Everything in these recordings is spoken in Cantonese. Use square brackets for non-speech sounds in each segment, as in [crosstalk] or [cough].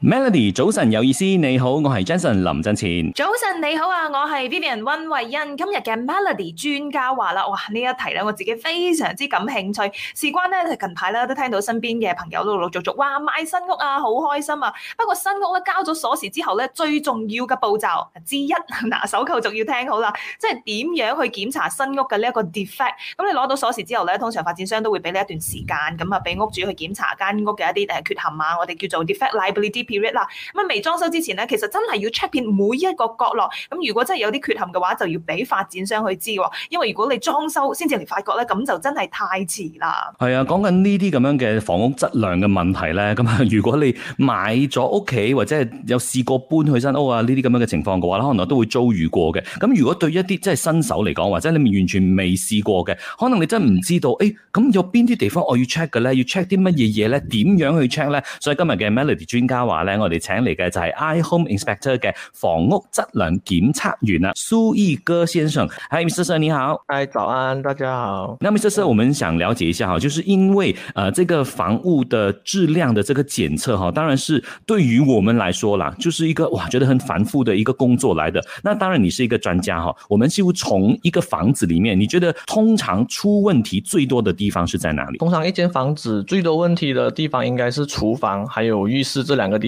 Melody，早晨有意思，你好，我係 Jason 林振前。早晨你好啊，我係 Vivian 溫慧欣。今日嘅 Melody 專家話啦，哇，呢一題咧，我自己非常之感興趣。事關咧，近排咧都聽到身邊嘅朋友陸陸續續哇買新屋啊，好開心啊。不過新屋咧交咗鎖匙之後咧，最重要嘅步驟之一，拿 [laughs] 手扣就要聽好啦，即係點樣去檢查新屋嘅呢一個 defect。咁你攞到鎖匙之後咧，通常發展商都會俾你一段時間，咁啊，俾屋主去檢查間屋嘅一啲誒缺陷啊。我哋叫做 defect liability。啦，咁啊未裝修之前咧，其實真係要 check 遍每一個角落。咁如果真係有啲缺陷嘅話，就要俾發展商去知。因為如果你裝修先至嚟發覺咧，咁就真係太遲啦。係啊，講緊呢啲咁樣嘅房屋質量嘅問題咧，咁啊，如果你買咗屋企或者係有試過搬去新屋啊，呢啲咁樣嘅情況嘅話咧，可能我都會遭遇過嘅。咁如果對一啲即係新手嚟講，或者你完全未試過嘅，可能你真係唔知道誒，咁、欸、有邊啲地方我要 check 嘅咧？要 check 啲乜嘢嘢咧？點樣去 check 咧？所以今日嘅 Melody 專家話。咧，我哋請嚟嘅就係 i-Home Inspector 嘅房屋質量檢測員啦，蘇義戈先生。係，Mr. Sir 你好。係，早安，大家好。那 Mr. Sir，我們想了解一下哈，就是因為，誒、呃，這個房屋的質量的這個檢測哈，當然是對於我們來說啦，就是一個哇，覺得很繁複的一個工作來的。那當然，你是一個專家哈，我們幾乎從一個房子裏面，你覺得通常出問題最多的地方是在哪裏？通常一間房子最多問題的地方應該是廚房，還有浴室這兩個地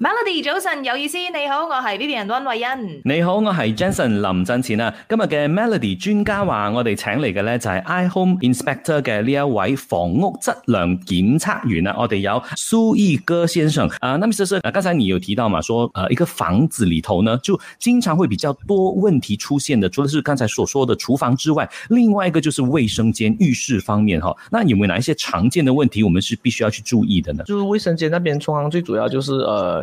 Melody，早晨，有意思，你好，我係 Vivian 溫慧欣。你好，我係 Jason 林振前啊。今日嘅 Melody 專家話，我哋請嚟嘅咧就係、是、i-Home Inspector 嘅呢一位房屋質量檢測員啦、啊。我哋有蘇義戈先生。啊、呃，那麼叔叔，嗱，剛才你有提到嘛，說，呃一個房子裏頭呢，就經常會比較多問題出現的。除了是剛才所說的廚房之外，另外一個就是衛生間、浴室方面，哈。那有冇有哪一些常見的問題，我們是必須要去注意的呢？就是衛生間那邊，通常最主要就是，呃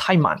太慢。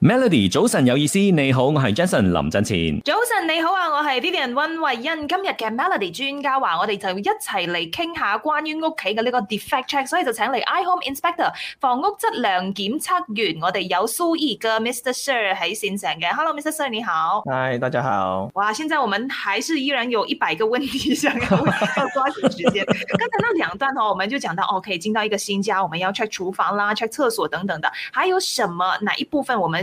Melody，早晨有意思，你好，我係 Jason 林振前。早晨你好啊，我係 Vivian 温慧欣。今日嘅 Melody 專家話，我哋就一齊嚟傾下關於屋企嘅呢個 defect check，所以就請嚟 iHome Inspector 房屋質量檢測員，我哋有蘇義戈 Mr Sir 喺線上嘅。Hello，Mr Sir 你好。Hi，大家好。哇，現在我們還是依然有一百個問題，想要問要抓緊時間。剛 [laughs] 才那兩段我們就講到哦，可以進到一個新家，我們要 check 廚房啦，check 廁所等等的，還有什麼？哪一部分我們？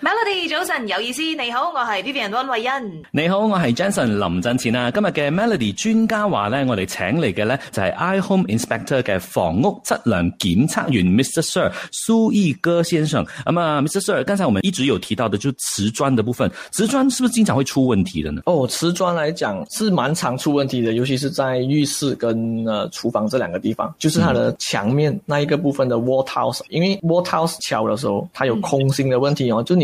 Melody 早晨，有意思，你好，我係 Vivian 溫慧欣。你好，我係 Jenson 林振前啊。今日嘅 Melody 專家話咧，我哋請嚟嘅咧就係、是、iHome Inspector 嘅房屋質量檢測員 Mr Sir 蘇義戈先生。咁啊，Mr Sir，剛才我們一直有提到的就係瓷磚的部分，瓷磚是不是經常會出問題嘅呢？哦，瓷磚來講是蠻常出問題嘅，尤其是在浴室跟、呃、廚房這兩個地方，就是它的牆面、嗯、那一個部分的 wall tiles，因為 wall tiles 敲嘅時候，它有空心的問題哦就你。